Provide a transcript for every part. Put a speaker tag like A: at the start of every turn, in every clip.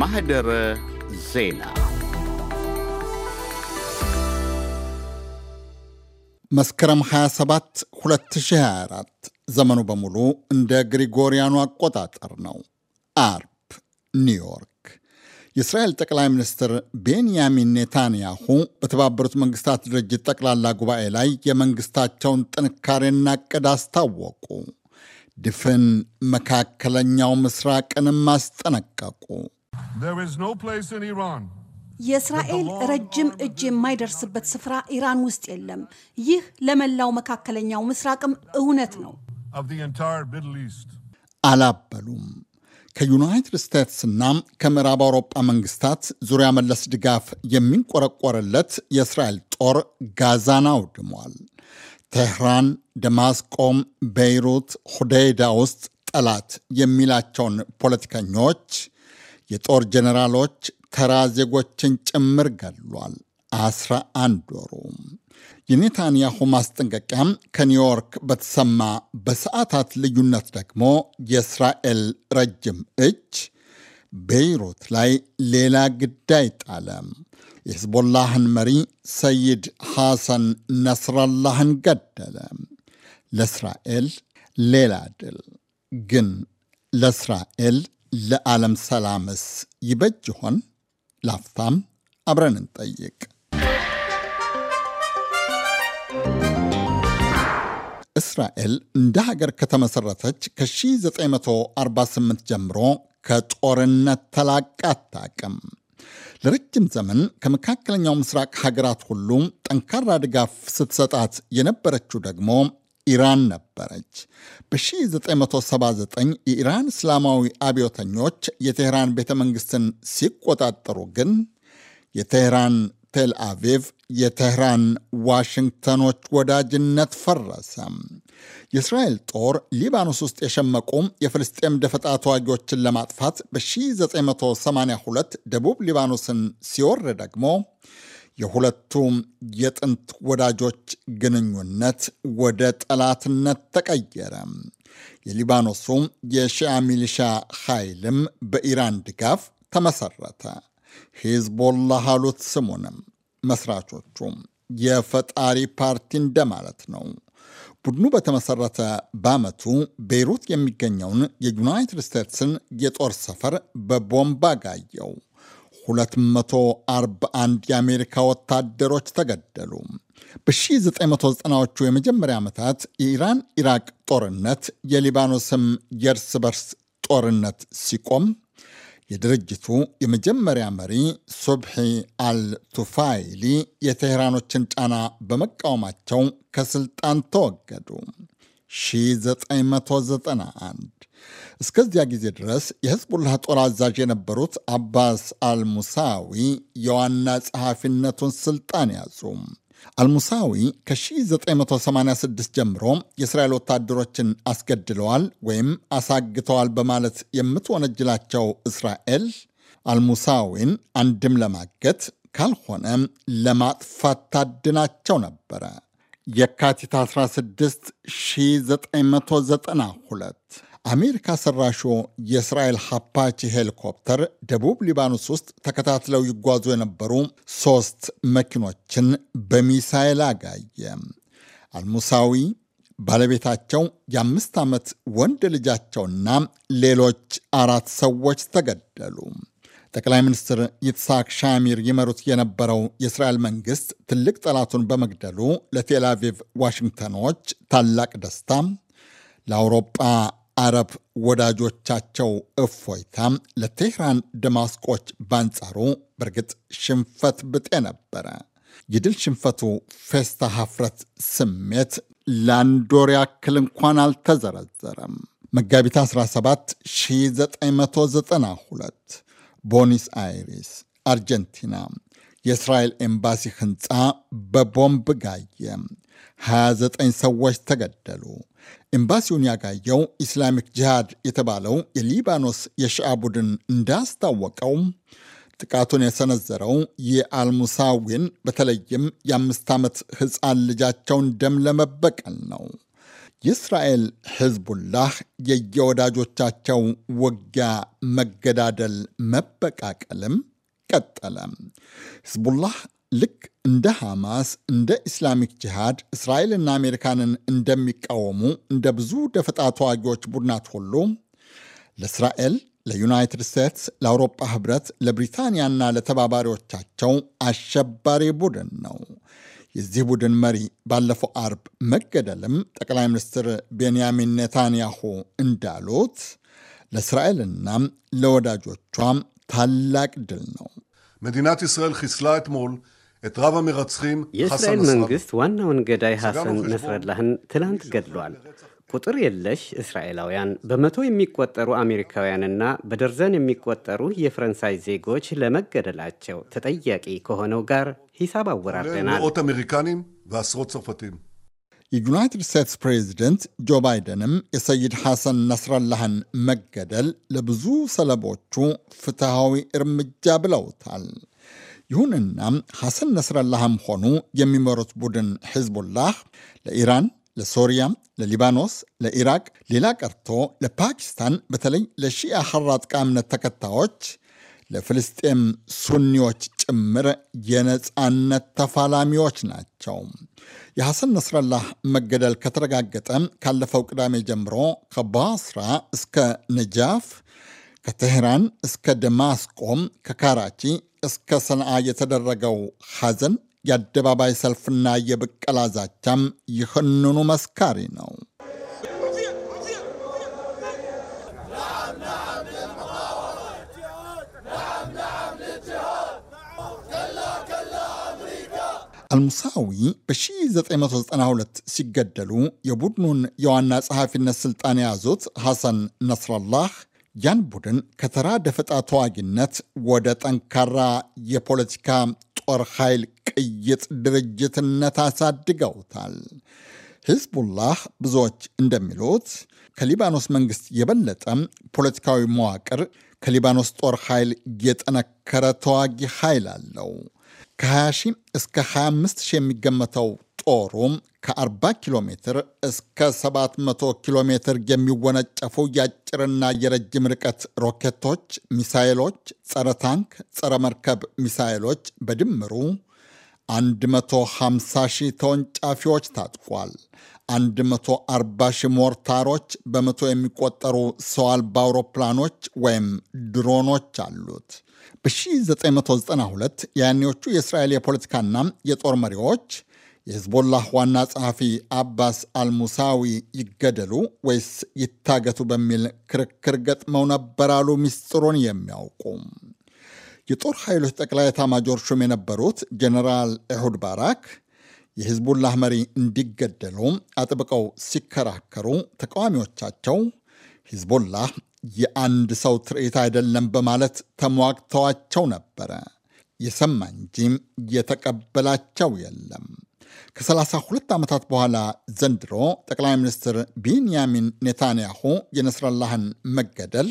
A: ማህደረ ዜና መስከረም 27 2024 ዘመኑ በሙሉ እንደ ግሪጎሪያኑ አቆጣጠር ነው። አርፕ ኒውዮርክ። የእስራኤል ጠቅላይ ሚኒስትር ቤንያሚን ኔታንያሁ በተባበሩት መንግስታት ድርጅት ጠቅላላ ጉባኤ ላይ የመንግስታቸውን ጥንካሬና ዕቅድ አስታወቁ። ድፍን መካከለኛው ምስራቅንም አስጠነቀቁ።
B: የእስራኤል ረጅም እጅ የማይደርስበት ስፍራ ኢራን ውስጥ የለም። ይህ ለመላው መካከለኛው ምስራቅም እውነት ነው።
A: አላበሉም። ከዩናይትድ ስቴትስ እና ከምዕራብ አውሮጳ መንግስታት ዙሪያ መለስ ድጋፍ የሚንቆረቆርለት የእስራኤል ጦር ጋዛን አውድሟል። ቴህራን፣ ደማስቆም፣ ቤይሩት፣ ሁዴይዳ ውስጥ ጠላት የሚላቸውን ፖለቲከኞች የጦር ጀኔራሎች ተራ ዜጎችን ጭምር ገሏል። አስራ አንድ ወሩ የኔታንያሁ ማስጠንቀቂያም ከኒውዮርክ በተሰማ በሰዓታት ልዩነት ደግሞ የእስራኤል ረጅም እጅ ቤይሩት ላይ ሌላ ግዳይ ጣለ። የሕዝቦላህን መሪ ሰይድ ሐሰን ነስራላህን ገደለ። ለእስራኤል ሌላ ድል ግን ለእስራኤል ለዓለም ሰላምስ ይበጅ ይሆን? ላፍታም አብረን እንጠይቅ። እስራኤል እንደ ሀገር ከተመሠረተች ከ1948 ጀምሮ ከጦርነት ተላቃ አታቅም። ለረጅም ዘመን ከመካከለኛው ምስራቅ ሀገራት ሁሉ ጠንካራ ድጋፍ ስትሰጣት የነበረችው ደግሞ ኢራን ነበረች። በ1979 የኢራን እስላማዊ አብዮተኞች የቴህራን ቤተ መንግስትን ሲቆጣጠሩ ግን የቴህራን ቴል አቪቭ የቴህራን ዋሽንግተኖች ወዳጅነት ፈረሰ። የእስራኤል ጦር ሊባኖስ ውስጥ የሸመቁ የፍልስጤም ደፈጣ ተዋጊዎችን ለማጥፋት በ1982 ደቡብ ሊባኖስን ሲወር ደግሞ የሁለቱም የጥንት ወዳጆች ግንኙነት ወደ ጠላትነት ተቀየረ። የሊባኖሱ የሺያ ሚሊሻ ኃይልም በኢራን ድጋፍ ተመሰረተ። ሂዝቦላህ አሉት ስሙንም መስራቾቹ የፈጣሪ ፓርቲ እንደማለት ነው። ቡድኑ በተመሰረተ በዓመቱ ቤይሩት የሚገኘውን የዩናይትድ ስቴትስን የጦር ሰፈር በቦምብ አጋየው። 241 የአሜሪካ ወታደሮች ተገደሉ። በ1990ዎቹ የመጀመሪያ ዓመታት የኢራን ኢራቅ ጦርነት የሊባኖስም የእርስ በርስ ጦርነት ሲቆም የድርጅቱ የመጀመሪያ መሪ ሱብሒ አልቱፋይሊ የቴህራኖችን ጫና በመቃወማቸው ከስልጣን ተወገዱ። 1991 እስከዚያ ጊዜ ድረስ የህዝቡላህ ጦር አዛዥ የነበሩት አባስ አልሙሳዊ የዋና ጸሐፊነቱን ስልጣን ያዙ። አልሙሳዊ ከ1986 ጀምሮ የእስራኤል ወታደሮችን አስገድለዋል ወይም አሳግተዋል በማለት የምትወነጅላቸው እስራኤል አልሙሳዊን አንድም ለማገት ካልሆነ ለማጥፋት ታድናቸው ነበረ። የካቲት 16 1992 አሜሪካ ሰራሹ የእስራኤል ሀፓቺ ሄሊኮፕተር ደቡብ ሊባኖስ ውስጥ ተከታትለው ይጓዙ የነበሩ ሶስት መኪኖችን በሚሳይል አጋየ። አልሙሳዊ ባለቤታቸው የአምስት ዓመት ወንድ ልጃቸውና ሌሎች አራት ሰዎች ተገደሉ። ጠቅላይ ሚኒስትር ይትሳቅ ሻሚር ይመሩት የነበረው የእስራኤል መንግስት ትልቅ ጠላቱን በመግደሉ ለቴል አቪቭ ዋሽንግተኖች ታላቅ ደስታ፣ ለአውሮጳ አረብ ወዳጆቻቸው እፎይታ ለቴህራን ደማስቆች ባንጻሩ በእርግጥ ሽንፈት ብጤ ነበረ። የድል ሽንፈቱ ፌስታ ሀፍረት ስሜት ለአንድ ወር ያክል እንኳን አልተዘረዘረም። መጋቢት 17 1992 ቦኒስ አይሪስ አርጀንቲና የእስራኤል ኤምባሲ ህንፃ በቦምብ ጋየ። 29 ሰዎች ተገደሉ። ኤምባሲውን ያጋየው ኢስላሚክ ጂሃድ የተባለው የሊባኖስ የሽዓ ቡድን እንዳስታወቀው ጥቃቱን የሰነዘረው የአልሙሳዊን በተለይም የአምስት ዓመት ሕፃን ልጃቸውን ደም ለመበቀል ነው። የእስራኤል ሕዝቡላህ የየወዳጆቻቸው ውጊያ፣ መገዳደል፣ መበቃቀልም ቀጠለ። ህዝቡላህ ልክ እንደ ሐማስ፣ እንደ ኢስላሚክ ጂሃድ እስራኤልና አሜሪካንን እንደሚቃወሙ እንደ ብዙ ደፈጣ ተዋጊዎች ቡድናት ሁሉ ለእስራኤል፣ ለዩናይትድ ስቴትስ፣ ለአውሮፓ ህብረት፣ ለብሪታንያና ለተባባሪዎቻቸው አሸባሪ ቡድን ነው። የዚህ ቡድን መሪ ባለፈው አርብ መገደልም ጠቅላይ ሚኒስትር ቤንያሚን ኔታንያሁ እንዳሉት ለእስራኤልና ለወዳጆቿ ታላቅ ድል ነው። מדינת ישראל חיסלה אתמול את רב המרצחים የእስራኤል መንግስት
B: ዋናውን ገዳይ ሐሰን ነስረላህን ትላንት ገድሏል። ቁጥር የለሽ እስራኤላውያን በመቶ የሚቆጠሩ አሜሪካውያንና በደርዘን የሚቆጠሩ የፈረንሳይ ዜጎች ለመገደላቸው ተጠያቂ ከሆነው ጋር ሂሳብ አወራርደናል። ለመאות አሜሪካנים
A: ועשרות የዩናይትድ ስቴትስ ፕሬዚደንት ጆ ባይደንም የሰይድ ሐሰን ነስረላህን መገደል ለብዙ ሰለቦቹ ፍትሐዊ እርምጃ ብለውታል። ይሁንና ሐሰን ነስረላህም ሆኑ የሚመሩት ቡድን ሕዝቡላህ ለኢራን ለሶሪያ፣ ለሊባኖስ፣ ለኢራቅ፣ ሌላ ቀርቶ ለፓኪስታን በተለይ ለሺአ ሐራጥቃ እምነት ተከታዮች ለፍልስጤም ሱኒዎች ጭምር የነፃነት ተፋላሚዎች ናቸው። የሐሰን ነስረላህ መገደል ከተረጋገጠ ካለፈው ቅዳሜ ጀምሮ ከባስራ እስከ ነጃፍ፣ ከቴህራን እስከ ደማስቆም፣ ከካራቺ እስከ ሰንዓ የተደረገው ሐዘን የአደባባይ ሰልፍና የብቀላ ዛቻም ይህንኑ መስካሪ ነው። አልሙሳዊ በ1992 ሲገደሉ የቡድኑን የዋና ጸሐፊነት ስልጣን የያዙት ሐሰን ነስራላህ ያን ቡድን ከተራ ደፈጣ ተዋጊነት ወደ ጠንካራ የፖለቲካ ጦር ኃይል ቅይጥ ድርጅትነት አሳድገውታል። ሂዝቡላህ ብዙዎች እንደሚሉት ከሊባኖስ መንግስት የበለጠ ፖለቲካዊ መዋቅር ከሊባኖስ ጦር ኃይል የጠነከረ ተዋጊ ኃይል አለው። ከ20 እስከ 25 ሺህ የሚገመተው ጦሩም ከ40 ኪሎ ሜትር እስከ 700 ኪሎ ሜትር የሚወነጨፉ የአጭርና የረጅም ርቀት ሮኬቶች፣ ሚሳይሎች፣ ጸረ ታንክ፣ ጸረ መርከብ ሚሳይሎች በድምሩ 150 ሺህ ተወንጫፊዎች ታጥቋል። 140 ሺህ ሞርታሮች፣ በመቶ የሚቆጠሩ ሰው አልባ አውሮፕላኖች ወይም ድሮኖች አሉት። በ1992 ያኔዎቹ የእስራኤል የፖለቲካና የጦር መሪዎች የህዝቦላህ ዋና ጸሐፊ አባስ አልሙሳዊ ይገደሉ ወይስ ይታገቱ በሚል ክርክር ገጥመው ነበር አሉ ሚስጥሩን የሚያውቁ የጦር ኃይሎች ጠቅላይ ኤታማዦር ሹም የነበሩት ጀነራል ኤሁድ ባራክ የሂዝቡላህ መሪ እንዲገደሉ አጥብቀው ሲከራከሩ ተቃዋሚዎቻቸው ሂዝቡላህ የአንድ ሰው ትርኢት አይደለም በማለት ተሟግተዋቸው ነበረ። የሰማ እንጂ የተቀበላቸው የለም። ከ32 ዓመታት በኋላ ዘንድሮ ጠቅላይ ሚኒስትር ቢንያሚን ኔታንያሁ የነስረላህን መገደል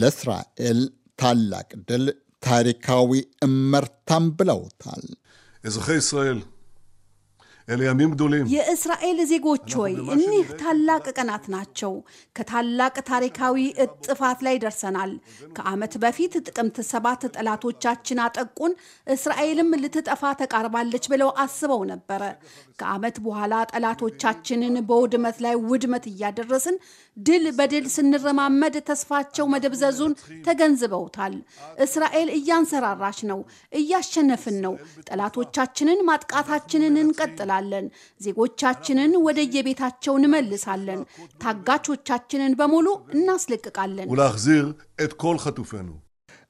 A: ለእስራኤል ታላቅ ድል፣ ታሪካዊ እመርታም ብለውታል። እዝኸ ישראל אלה ימים גדולים.
B: የእስራኤል ዜጎች ሆይ እኒህ ታላቅ ቀናት ናቸው። ከታላቅ ታሪካዊ እጥፋት ላይ ደርሰናል። ከዓመት በፊት ጥቅምት ሰባት ጠላቶቻችን አጠቁን፣ እስራኤልም ልትጠፋ ተቃርባለች ብለው አስበው ነበረ። ከዓመት በኋላ ጠላቶቻችንን በውድመት ላይ ውድመት እያደረስን ድል በድል ስንረማመድ ተስፋቸው መደብዘዙን ተገንዝበውታል። እስራኤል እያንሰራራች ነው፣ እያሸነፍን ነው። ጠላቶቻችንን ማጥቃታችንን እንቀጥላል እንቀበላለን። ዜጎቻችንን ወደየቤታቸው እንመልሳለን። ታጋቾቻችንን በሙሉ እናስለቅቃለን። ወላአኽዚር
A: ኤት ኮል ከቱፈኑ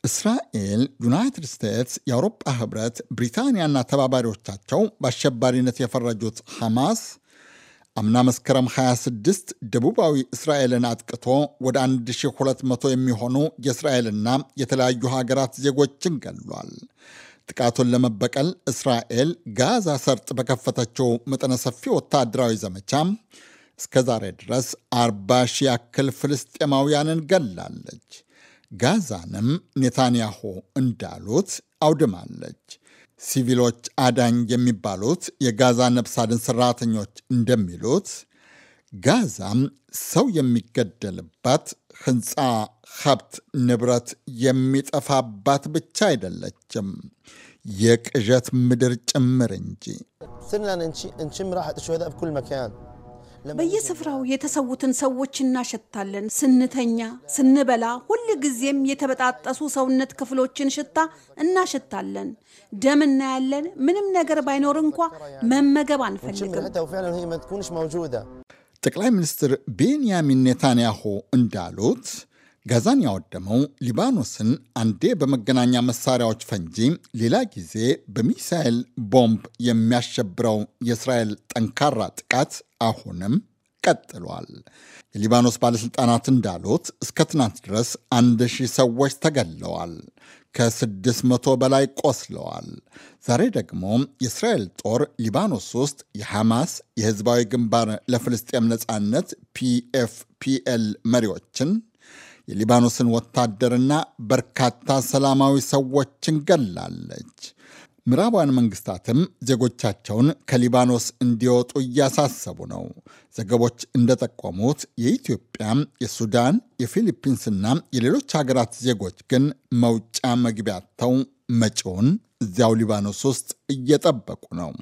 A: እስራኤል፣ ዩናይትድ ስቴትስ፣ የአውሮፓ ህብረት፣ ብሪታንያና ተባባሪዎቻቸው በአሸባሪነት የፈረጁት ሐማስ አምና መስከረም 26 ደቡባዊ እስራኤልን አጥቅቶ ወደ 1200 የሚሆኑ የእስራኤልና የተለያዩ ሀገራት ዜጎችን ገሏል። ጥቃቱን ለመበቀል እስራኤል ጋዛ ሰርጥ በከፈተችው መጠነ ሰፊ ወታደራዊ ዘመቻ እስከ ዛሬ ድረስ አርባ ሺህ ያክል ፍልስጤማውያንን ገላለች። ጋዛንም ኔታንያሁ እንዳሉት አውድማለች። ሲቪሎች አዳኝ የሚባሉት የጋዛ ነፍስ አድን ሰራተኞች እንደሚሉት ጋዛም ሰው የሚገደልባት ሕንፃ ሀብት ንብረት የሚጠፋባት ብቻ አይደለችም፣ የቅዠት ምድር ጭምር እንጂ።
B: በየስፍራው የተሰዉትን ሰዎች እናሸታለን። ስንተኛ፣ ስንበላ፣ ሁል ጊዜም የተበጣጠሱ ሰውነት ክፍሎችን ሽታ እናሸታለን። ደም እናያለን። ምንም ነገር ባይኖር እንኳ መመገብ አንፈልግም።
A: ጠቅላይ ሚኒስትር ቤንያሚን ኔታንያሁ እንዳሉት ጋዛን ያወደመው ሊባኖስን አንዴ በመገናኛ መሳሪያዎች ፈንጂ ሌላ ጊዜ በሚሳኤል ቦምብ የሚያሸብረው የእስራኤል ጠንካራ ጥቃት አሁንም ቀጥሏል። የሊባኖስ ባለሥልጣናት እንዳሉት እስከ ትናንት ድረስ አንድ ሺህ ሰዎች ተገለዋል ከ ከ600 በላይ ቆስለዋል። ዛሬ ደግሞ የእስራኤል ጦር ሊባኖስ ውስጥ የሐማስ የሕዝባዊ ግንባር ለፍልስጤም ነፃነት ፒኤፍፒኤል መሪዎችን የሊባኖስን ወታደርና በርካታ ሰላማዊ ሰዎችን ገላለች። ምዕራባውያን መንግስታትም ዜጎቻቸውን ከሊባኖስ እንዲወጡ እያሳሰቡ ነው። ዘገቦች እንደጠቆሙት የኢትዮጵያ፣ የሱዳን፣ የፊሊፒንስና የሌሎች ሀገራት ዜጎች ግን መውጫ መግቢያተው መጪውን እዚያው ሊባኖስ ውስጥ እየጠበቁ ነው።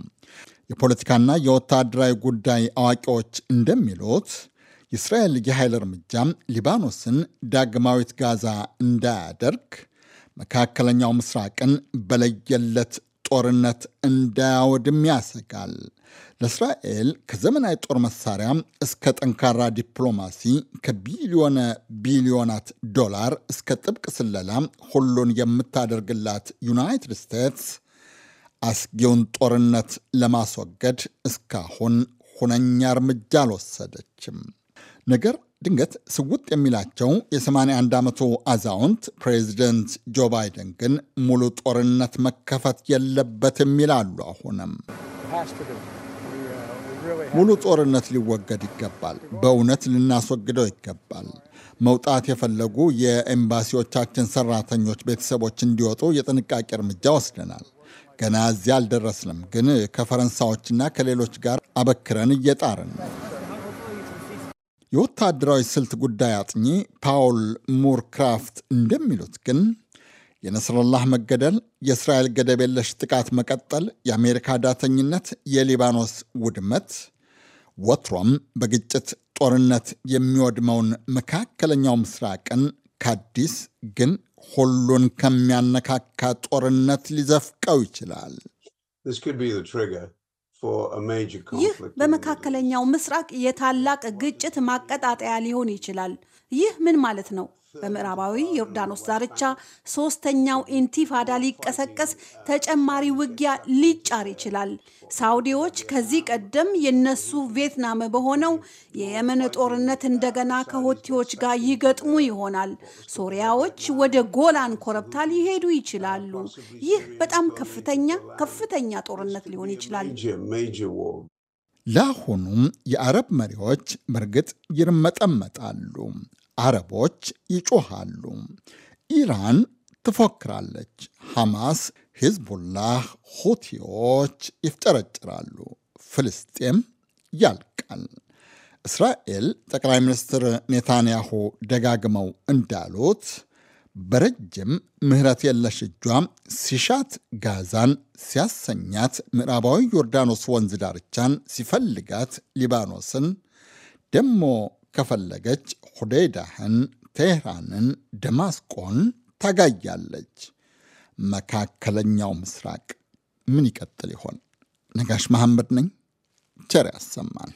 A: የፖለቲካና የወታደራዊ ጉዳይ አዋቂዎች እንደሚሉት የእስራኤል የኃይል እርምጃ ሊባኖስን ዳግማዊት ጋዛ እንዳያደርግ፣ መካከለኛው ምስራቅን በለየለት ጦርነት እንዳያወድም ያሰጋል። ለእስራኤል ከዘመናዊ ጦር መሳሪያ እስከ ጠንካራ ዲፕሎማሲ ከቢሊዮነ ቢሊዮናት ዶላር እስከ ጥብቅ ስለላ ሁሉን የምታደርግላት ዩናይትድ ስቴትስ አስጊውን ጦርነት ለማስወገድ እስካሁን ሁነኛ እርምጃ አልወሰደችም። ነገር ድንገት ስውጥ የሚላቸው የ81 ዓመቱ አዛውንት ፕሬዚደንት ጆ ባይደን ግን ሙሉ ጦርነት መከፈት የለበትም ይላሉ። አሁንም
B: ሙሉ ጦርነት
A: ሊወገድ ይገባል። በእውነት ልናስወግደው ይገባል። መውጣት የፈለጉ የኤምባሲዎቻችን ሰራተኞች ቤተሰቦች እንዲወጡ የጥንቃቄ እርምጃ ወስደናል። ገና እዚያ አልደረስንም፣ ግን ከፈረንሳዮችና ከሌሎች ጋር አበክረን እየጣርን ነው። የወታደራዊ ስልት ጉዳይ አጥኚ ፓውል ሙርክራፍት እንደሚሉት ግን የነስረላህ መገደል፣ የእስራኤል ገደብ የለሽ ጥቃት መቀጠል፣ የአሜሪካ ዳተኝነት፣ የሊባኖስ ውድመት ወትሮም በግጭት ጦርነት የሚወድመውን መካከለኛው ምስራቅን ከአዲስ ግን ሁሉን ከሚያነካካ ጦርነት ሊዘፍቀው ይችላል። ይህ
B: በመካከለኛው ምስራቅ የታላቅ ግጭት ማቀጣጠያ ሊሆን ይችላል። ይህ ምን ማለት ነው? በምዕራባዊ ዮርዳኖስ ዳርቻ ሶስተኛው ኢንቲፋዳ ሊቀሰቀስ ተጨማሪ ውጊያ ሊጫር ይችላል። ሳውዲዎች ከዚህ ቀደም የነሱ ቪየትናም በሆነው የየመን ጦርነት እንደገና ከሆቲዎች ጋር ይገጥሙ ይሆናል። ሶሪያዎች ወደ ጎላን ኮረብታ ሊሄዱ ይችላሉ። ይህ በጣም ከፍተኛ ከፍተኛ ጦርነት ሊሆን ይችላል።
A: ለአሁኑም የአረብ መሪዎች በእርግጥ ይርመጠመጣሉ። አረቦች ይጮሃሉ። ኢራን ትፎክራለች። ሐማስ፣ ሂዝቡላህ፣ ሁቲዎች ይፍጨረጭራሉ። ፍልስጤም ያልቃል። እስራኤል ጠቅላይ ሚኒስትር ኔታንያሁ ደጋግመው እንዳሉት በረጅም ምህረት የለሽ እጇ ሲሻት ጋዛን፣ ሲያሰኛት ምዕራባዊ ዮርዳኖስ ወንዝ ዳርቻን፣ ሲፈልጋት ሊባኖስን ደሞ ከፈለገች ሁዴዳህን፣ ቴህራንን፣ ደማስቆን ታጋያለች። መካከለኛው ምስራቅ ምን ይቀጥል ይሆን? ነጋሽ መሐመድ ነኝ። ቸር ያሰማን።